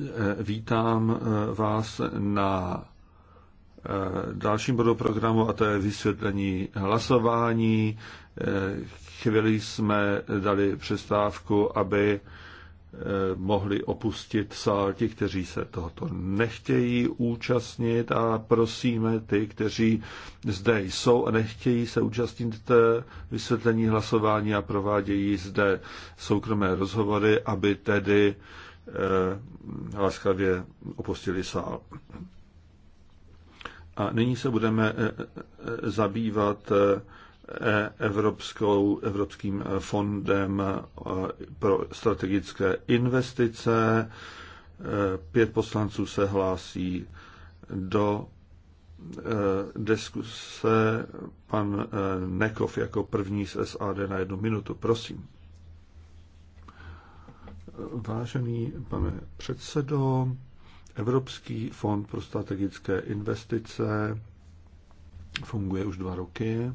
Eh, vítám eh, vás na eh, dalším bodu programu a to je vysvětlení hlasování. Chvíli jsme dali přestávku, aby mohli opustit sál ti, kteří se tohoto nechtějí účastnit a prosíme ty, kteří zde jsou a nechtějí se účastnit té vysvětlení hlasování a provádějí zde soukromé rozhovory, aby tedy Eh, laskavě opustili sál. A nyní se budeme eh, eh, zabývat Evropskou, Evropským fondem pro strategické investice. Pět poslanců se hlásí do diskuse. Pan Nekov jako první z SAD na jednu minutu. Prosím. Vážený pane předsedo, Evropský fond pro strategické investice funguje už dva roky,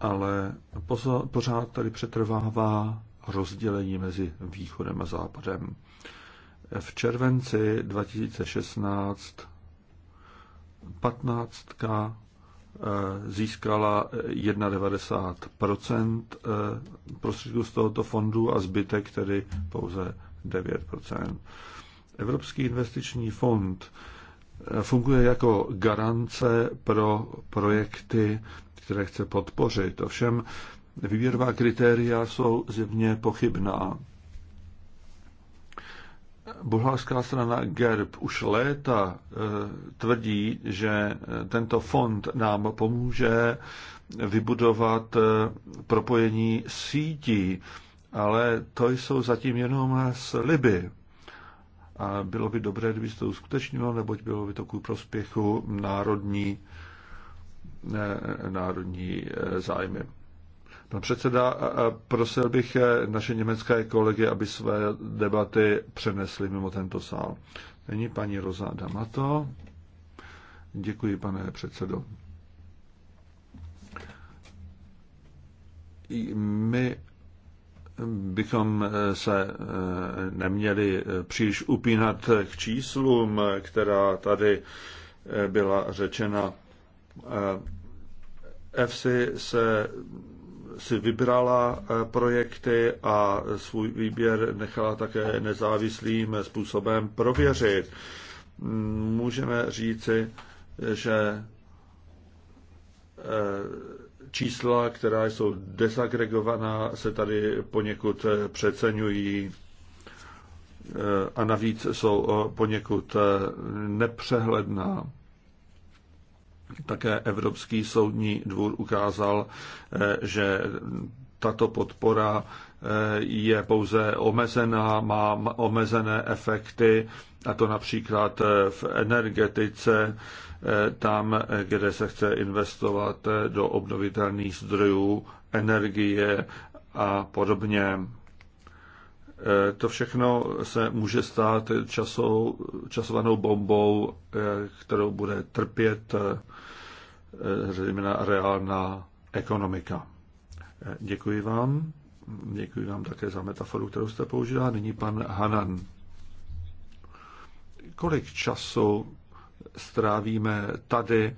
ale pořád tady přetrvává rozdělení mezi východem a západem. V červenci 2016 patnáctka Eh, získala 91% eh, eh, prostředků z tohoto fondu a zbytek tedy pouze 9%. Evropský investiční fond funguje jako garance pro projekty, které chce podpořit. Ovšem výběrová kritéria jsou zjevně pochybná. Bulharská strana GERB už léta e, tvrdí, že e, tento fond nám pomůže vybudovat e, propojení sítí, ale to jsou zatím jenom sliby. A bylo by dobré, kdyby se to uskutečnilo, neboť bylo by to ku prospěchu národní, národní zájmy. Pan předseda, prosil bych eh, naše německé kolegy, aby své debaty přenesli mimo tento sál. Není paní Roza Damato. Děkuji, pane předsedo. My bychom eh, se eh, neměli příliš upínat k číslům, která tady byla řečena. EFSI se si vybrala eh, projekty a svůj výběr nechala také nezávislým způsobem prověřit. Můžeme říci, že eh, čísla, která jsou desagregovaná, se tady poněkud eh, přeceňují a navíc jsou poněkud nepřehledná. Také Evropský soudní dvůr ukázal, eh, že tato podpora eh, je pouze omezená, má omezené efekty, a to například eh, v energetice, tam, kde se chce investovat do obnovitelných zdrojů energie a podobně. Eh, to všechno se může stát časou, časovanou bombou, eh, kterou bude trpět eh, zejména reálná ekonomika. Děkuji vám. Děkuji vám také za metaforu, kterou jste použila. Nyní pan Hanan. Kolik času strávíme tady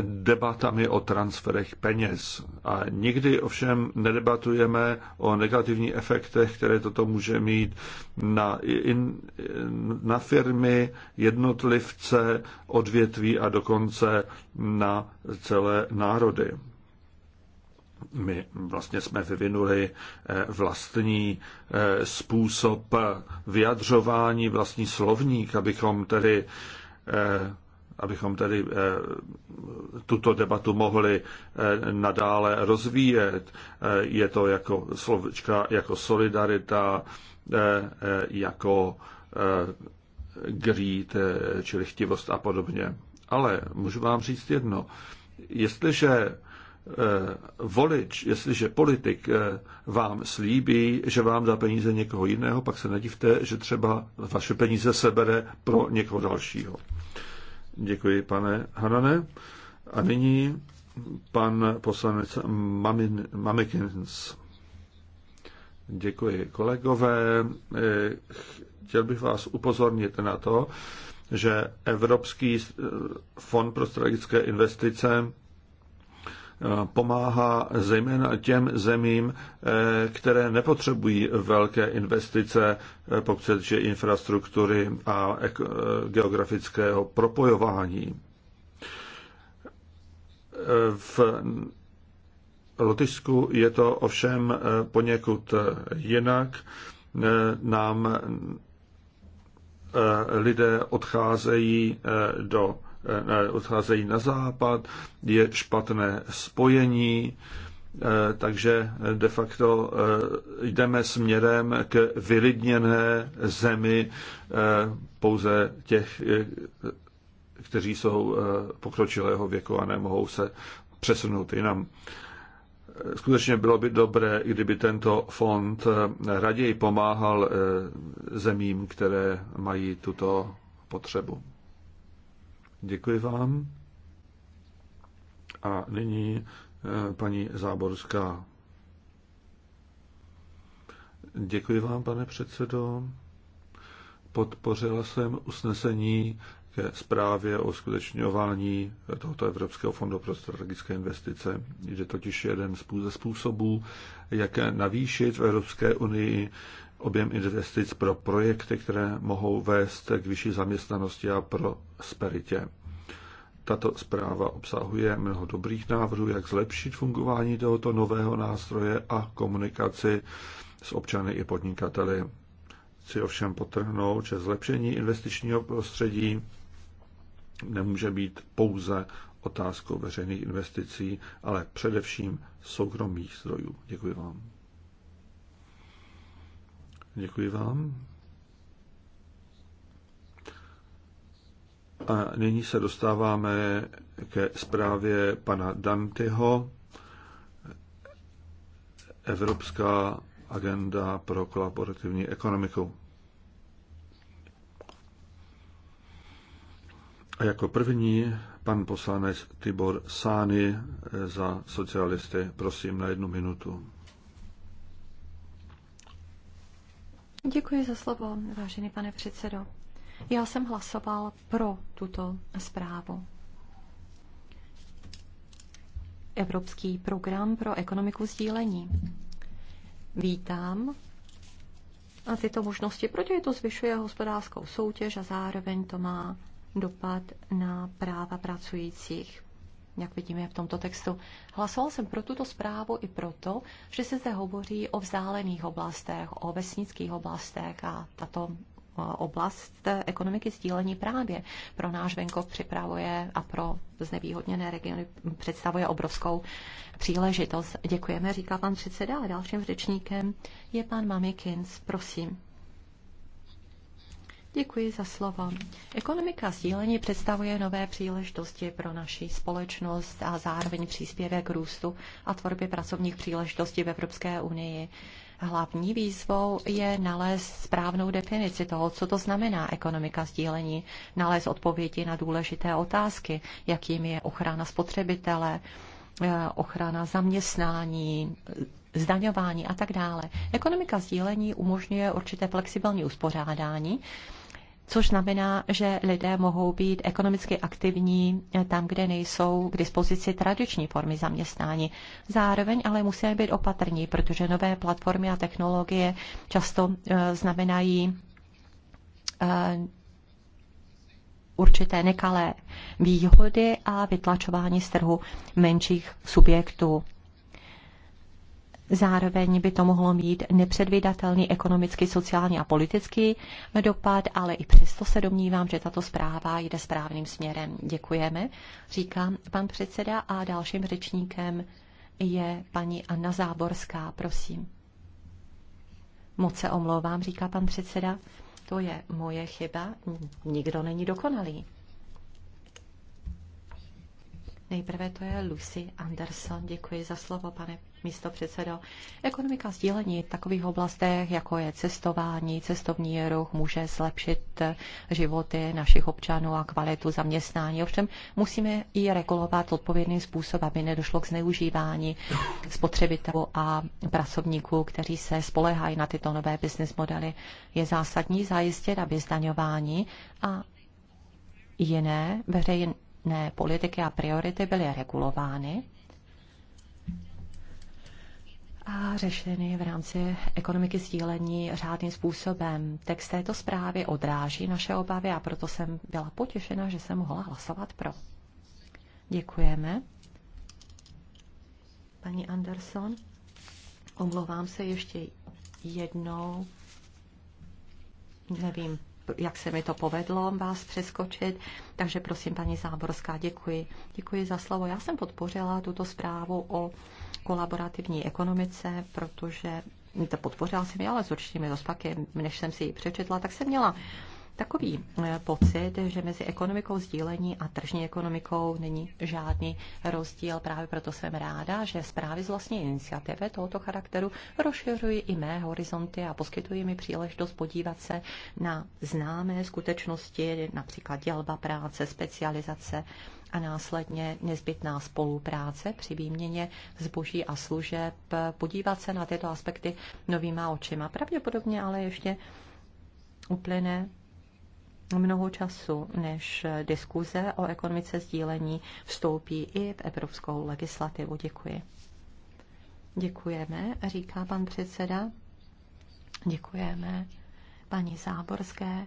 debatami o transferech peněz. A nikdy ovšem nedebatujeme o negativních efektech, které toto může mít na, in, na firmy, jednotlivce, odvětví a dokonce na celé národy. My vlastně jsme vyvinuli eh, vlastní eh, způsob vyjadřování, vlastní slovník, abychom tedy eh, abychom tedy eh, tuto debatu mohli eh, nadále rozvíjet. Eh, je to jako slovička, jako solidarita, jako greed, čili chtivost a podobně. Ale můžu vám říct jedno. Jestliže volič, jestliže politik vám slíbí, že vám dá peníze někoho jiného, pak se nedivte, že třeba vaše peníze sebere pro někoho dalšího. Děkuji, pane Hanane. A nyní pan poslanec Mamin, Mamikins. Děkuji, kolegové. Chtěl bych vás upozornit na to, že Evropský fond pro strategické investice pomáhá zejména těm zemím, eh, které nepotřebují velké investice, eh, pokud se týče infrastruktury a eh, geografického propojování. V Lotyšsku je to ovšem poněkud jinak. Nám lidé odcházejí do odcházejí na západ, je špatné spojení, eh, takže de facto eh, jdeme směrem k vylidněné zemi eh, pouze těch, kteří jsou pokročilého věku a nemohou se přesunout jinam. Skutečně bylo by dobré, kdyby tento fond raději pomáhal zemím, které mají tuto potřebu. Děkuji vám. A nyní eh, paní Záborská. Děkuji vám, pane předsedo. Podpořila jsem usnesení ke zprávě o skutečňování tohoto Evropského fondu pro strategické investice. Je totiž jeden ze způsobů, jak navýšit v Evropské unii objem investic pro projekty, které mohou vést k vyšší zaměstnanosti a prosperitě. Tato zpráva obsahuje mnoho dobrých návrhů, jak zlepšit fungování tohoto nového nástroje a komunikaci s občany i podnikateli. Chci ovšem potrhnout, že zlepšení investičního prostředí nemůže být pouze otázkou veřejných investicí, ale především soukromých zdrojů. Děkuji vám. Děkuji vám. A nyní se dostáváme ke zprávě pana Dantyho. Evropská agenda pro kolaborativní ekonomiku. A jako první pan poslanec Tibor Sány za socialisty. Prosím na jednu minutu. Děkuji za slovo, vážený pane předsedo. Já jsem hlasoval pro tuto zprávu. Evropský program pro ekonomiku sdílení. Vítám a tyto možnosti, protože to zvyšuje hospodářskou soutěž a zároveň to má dopad na práva pracujících jak vidíme v tomto textu. Hlasoval jsem pro tuto zprávu i proto, že se zde hovoří o vzdálených oblastech, o vesnických oblastech a tato oblast ekonomiky sdílení právě pro náš venkov připravuje a pro znevýhodněné regiony představuje obrovskou příležitost. Děkujeme, říká pan předseda a dalším řečníkem je pan Mamikins. Prosím. Děkuji za slovo. Ekonomika sdílení představuje nové příležitosti pro naši společnost a zároveň příspěvek k růstu a tvorbě pracovních příležitostí v Evropské unii. Hlavní výzvou je nalézt správnou definici toho, co to znamená ekonomika sdílení, nalézt odpovědi na důležité otázky, jakým je ochrana spotřebitele, eh, ochrana zaměstnání, zdaňování a tak dále. Ekonomika sdílení umožňuje určité flexibilní uspořádání což znamená, že lidé mohou být ekonomicky aktivní tam, kde nejsou k dispozici tradiční formy zaměstnání. Zároveň ale musíme být opatrní, protože nové platformy a technologie často eh, znamenají eh, určité nekalé výhody a vytlačování z trhu menších subjektů. Zároveň by to mohlo mít nepředvídatelný ekonomický, sociální a politický dopad, ale i přesto se domnívám, že tato zpráva jde správným směrem. Děkujeme, říká pan předseda a dalším řečníkem je paní Anna Záborská, prosím. Moc se omlouvám, říká pan předseda. To je moje chyba. Nikdo není dokonalý. Nejprve to je Lucy Anderson. Děkuji za slovo, pane místo předsedo. Ekonomika sdílení v takových oblastech, jako je cestování, cestovní ruch, může zlepšit životy našich občanů a kvalitu zaměstnání. Ovšem musíme ji regulovat odpovědným způsobem, aby nedošlo k zneužívání spotřebitelů a pracovníků, kteří se spolehají na tyto nové business modely. Je zásadní zajistit, aby zdaňování a jiné veřejné ne, politiky a priority byly regulovány a řešeny v rámci ekonomiky sdílení řádným způsobem. Text této zprávy odráží naše obavy a proto jsem byla potěšena, že jsem mohla hlasovat pro. Děkujeme. Paní Anderson, omlouvám se ještě jednou. Nevím, jak se mi to povedlo vás přeskočit. Takže prosím, paní Záborská, děkuji. Děkuji za slovo. Já jsem podpořila tuto zprávu o kolaborativní ekonomice, protože to podpořila jsem ji, ale s určitými rozpaky, než jsem si ji přečetla, tak jsem měla takový eh, pocit, že mezi ekonomikou sdílení a tržní ekonomikou není žádný rozdíl. Právě proto jsem ráda, že zprávy z vlastní iniciativy tohoto charakteru rozšiřují i mé horizonty a poskytují mi příležitost podívat se na známé skutečnosti, například dělba práce, specializace a následně nezbytná spolupráce při výměně zboží a služeb, podívat se na tyto aspekty novýma očima. Pravděpodobně ale ještě uplyne mnoho času, než diskuze o ekonomice sdílení vstoupí i v evropskou legislativu. Děkuji. Děkujeme, říká pan předseda. Děkujeme paní Záborské.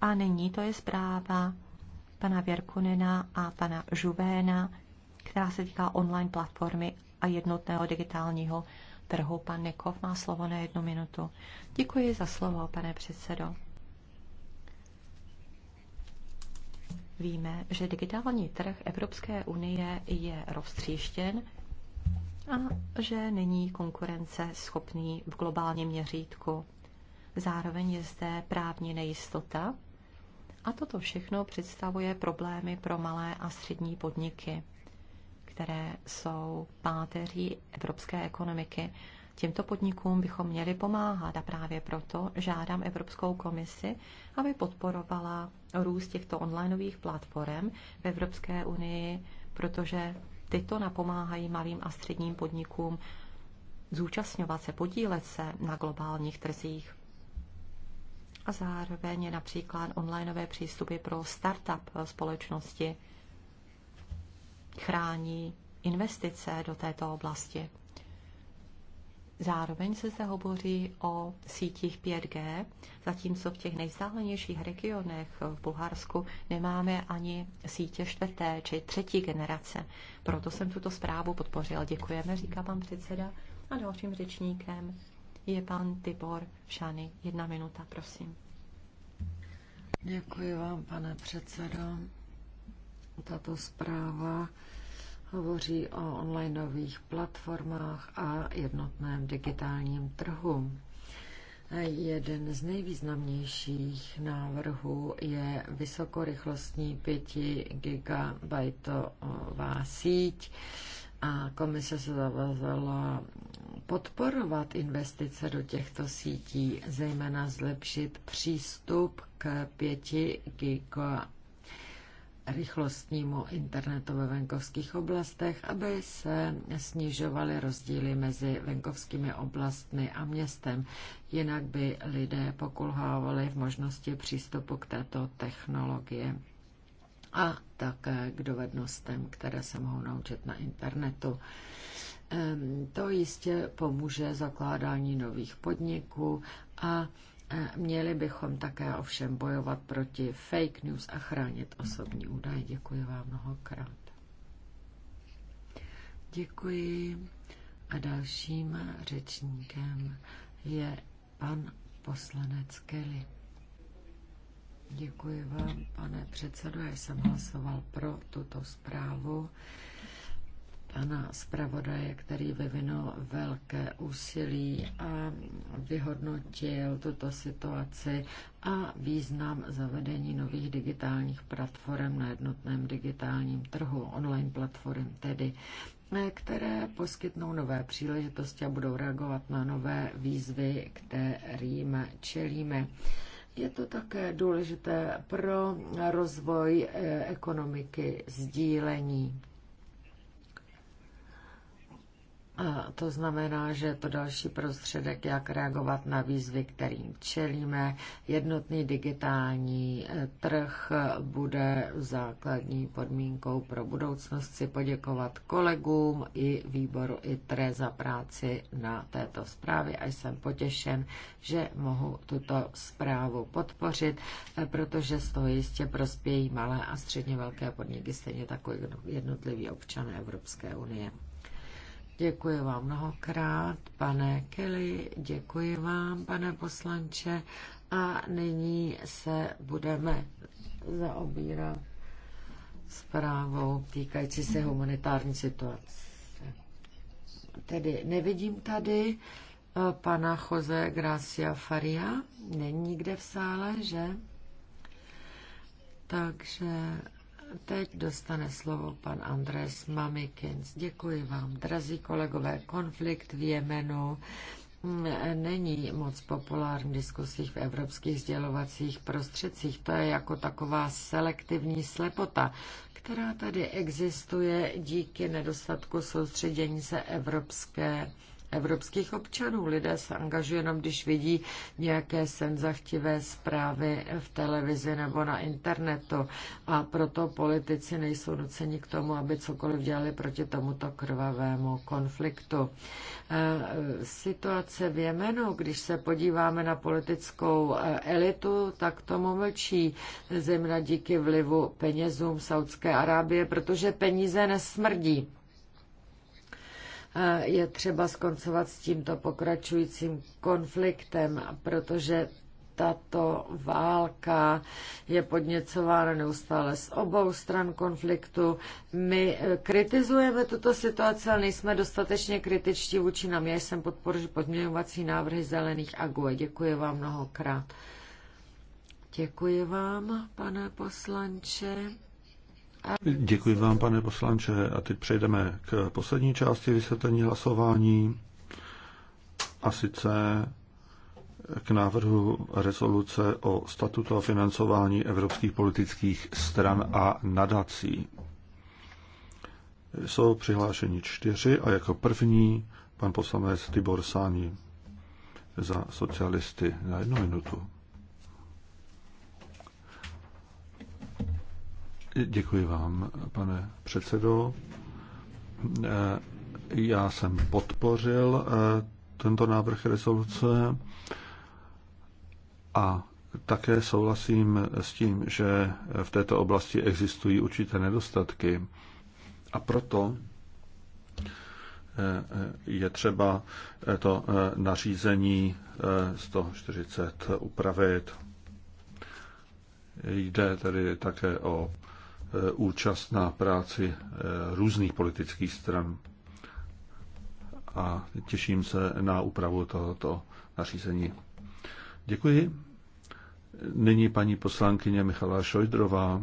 A nyní to je zpráva pana Věrkunena a pana Žuvéna, která se týká online platformy a jednotného digitálního trhu. Pan Nikov má slovo na jednu minutu. Děkuji za slovo, pane předsedo. Víme, že digitální trh Evropské unie je roztříštěn a že není konkurence schopný v globálním měřítku. Zároveň je zde právní nejistota a toto všechno představuje problémy pro malé a střední podniky které jsou páteří evropské ekonomiky. Těmto podnikům bychom měli pomáhat a právě proto žádám Evropskou komisi, aby podporovala růst těchto onlineových platform v Evropské unii, protože tyto napomáhají malým a středním podnikům zúčastňovat se, podílet se na globálních trzích. A zároveň je například onlineové přístupy pro startup společnosti, chrání investice do této oblasti. Zároveň se zde hovoří o sítích 5G, zatímco v těch nejvzdálenějších regionech v Bulharsku nemáme ani sítě čtvrté či třetí generace. Proto jsem tuto zprávu podpořil. Děkujeme, říká pan předseda. A dalším řečníkem je pan Tibor Šany. Jedna minuta, prosím. Děkuji vám, pane předsedo. Tato zpráva hovoří o onlineových platformách a jednotném digitálním trhu. Jeden z nejvýznamnějších návrhů je vysokorychlostní 5 gigabajtová síť a komise se zavazala podporovat investice do těchto sítí, zejména zlepšit přístup k 5 giga rychlostnímu internetu ve venkovských oblastech, aby se snižovaly rozdíly mezi venkovskými oblastmi a městem. Jinak by lidé pokulhávali v možnosti přístupu k této technologie a také k dovednostem, které se mohou naučit na internetu. Ehm, to jistě pomůže zakládání nových podniků a Měli bychom také ovšem bojovat proti fake news a chránit osobní údaje. Děkuji vám mnohokrát. Děkuji. A dalším řečníkem je pan poslanec Kelly. Děkuji vám, pane předsedo. Já jsem hlasoval pro tuto zprávu pana zpravodaje, který vyvinul velké úsilí a vyhodnotil tuto situaci a význam zavedení nových digitálních platform na jednotném digitálním trhu, online platform tedy které poskytnou nové příležitosti a budou reagovat na nové výzvy, kterým čelíme. Je to také důležité pro rozvoj eh, ekonomiky sdílení. A to znamená, že je to další prostředek, jak reagovat na výzvy, kterým čelíme. Jednotný digitální eh, trh eh, bude základní podmínkou pro budoucnost. Chci poděkovat kolegům i výboru ITRE za práci na této zprávě a jsem potěšen, že mohu tuto zprávu podpořit, eh, protože z toho jistě prospějí malé a středně velké podniky, stejně takové jako jednotliví občané Evropské unie. Děkuji vám mnohokrát, pane Kelly, děkuji vám, pane poslanče. A nyní se budeme zaobírat zprávou týkající se humanitární situace. Tedy nevidím tady eh, pana Jose Gracia Faria. Není nikde v sále, že? Takže Teď dostane slovo pan Andres Mamikins. Děkuji vám, drazí kolegové. Konflikt v Jemenu mm, není moc populární v diskusích v evropských sdělovacích prostředcích. To je jako taková selektivní slepota, která tady existuje díky nedostatku soustředění se Evropské evropských občanů. Lidé se angažují jenom, když vidí nějaké senzachtivé zprávy v televizi nebo na internetu a proto politici nejsou nuceni k tomu, aby cokoliv dělali proti tomuto krvavému konfliktu. E, situace v Jemenu, když se podíváme na politickou e, elitu, tak tomu mlčí zejména díky vlivu penězům Saudské Arábie, protože peníze nesmrdí je třeba skoncovat s tímto pokračujícím konfliktem, protože tato válka je podněcována neustále z obou stran konfliktu. My eh, kritizujeme tuto situaci, ale nejsme dostatečně kritičtí vůči nám. Já jsem podporuji podměňovací návrhy zelených a GUE. Děkuji vám mnohokrát. Děkuji vám, pane poslanče. Děkuji vám, pane poslanče. A teď přejdeme k poslední části vysvětlení hlasování. A sice k návrhu rezoluce o statutu a financování evropských politických stran a nadací. Jsou přihlášeni čtyři a jako první pan poslanec Tibor Sáni za socialisty na jednu minutu. Děkuji vám, pane předsedo. Eh, já jsem podpořil eh, tento návrh rezoluce a také souhlasím s tím, že v této oblasti existují určité nedostatky. A proto eh, je třeba to nařízení 140 upravit. Jde tedy také o Eh, účast na práci eh, různých politických stran. A těším se na úpravu tohoto nařízení. Děkuji. Nyní paní poslankyně Michala Šojdrová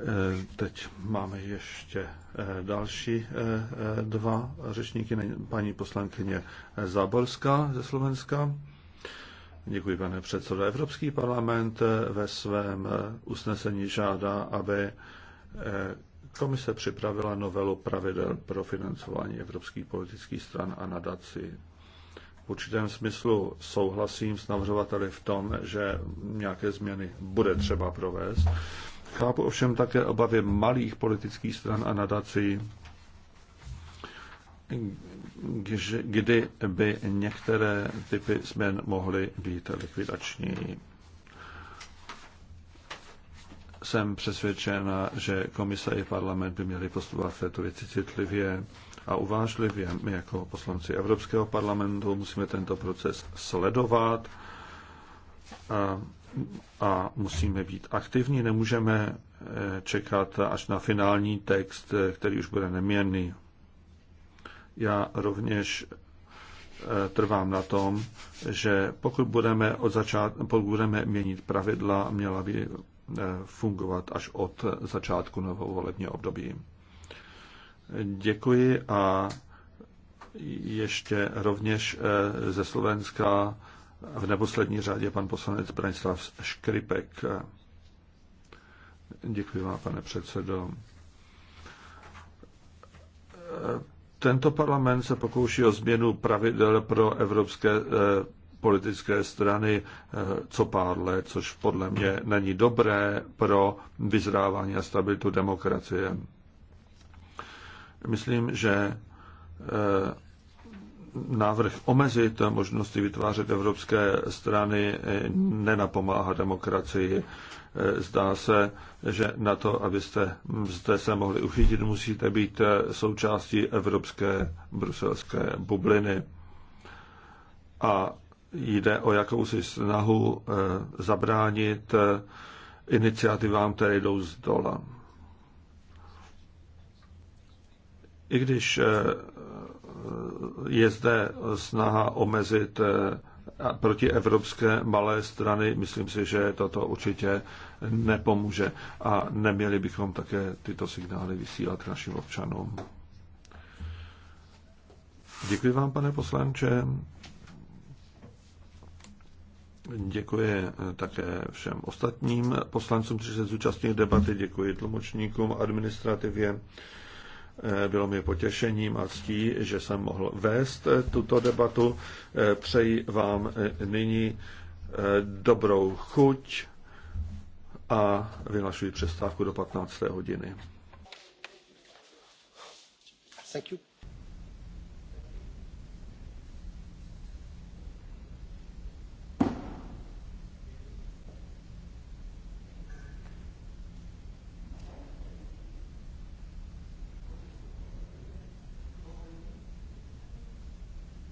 Eh, teď máme ještě eh, další eh, dva řečníky, paní poslankyně Záborská ze Slovenska. Děkuji, pane předsedo. Evropský parlament ve svém usnesení žádá, aby komise připravila novelu pravidel pro financování evropských politických stran a nadací. V určitém smyslu souhlasím s navrhovateli v tom, že nějaké změny bude třeba provést. Chápu ovšem také obavy malých politických stran a nadací, kdy by některé typy změn mohly být likvidační. Jsem přesvědčena, že komise i parlament by měli postupovat v této věci citlivě a uvážlivě. My jako poslanci Evropského parlamentu musíme tento proces sledovat a a musíme být aktivní, nemůžeme eh, čekat až na finální text, eh, který už bude neměrný. Já rovněž eh, trvám na tom, že pokud budeme, od začát, pokud budeme měnit pravidla, měla by fungovat až od začátku nového volebního období. Děkuji a ještě rovněž ze Slovenska v neposlední řadě pan poslanec Branislav Škripek. Děkuji vám, pane předsedo. Tento parlament se pokouší o změnu pravidel pro evropské eh, politické strany eh, co pár let, což podle mě není dobré pro vyzrávání a stabilitu demokracie. Myslím, že eh, návrh omezit možnosti vytvářet evropské strany eh, nenapomáhá demokracii. Eh, zdá se, že na to, abyste zde se mohli uchytit, musíte být eh, součástí evropské bruselské bubliny. A jde o jakousi snahu zabránit iniciativám, které jdou z dola. I když je zde snaha omezit eh, proti evropské malé strany. Myslím si, že toto určitě nepomůže a neměli bychom také tyto signály vysílat našim občanům. Děkuji vám, pane poslanče. Děkuji eh, také všem ostatním poslancům, kteří se zúčastnili debaty. Děkuji tlumočníkům, administrativě. Bylo mi potěšením a ctí, že jsem mohl vést tuto debatu. Přeji vám nyní eh, dobrou chuť a vyhlašuji přestávku do 15. hodiny. Thank you.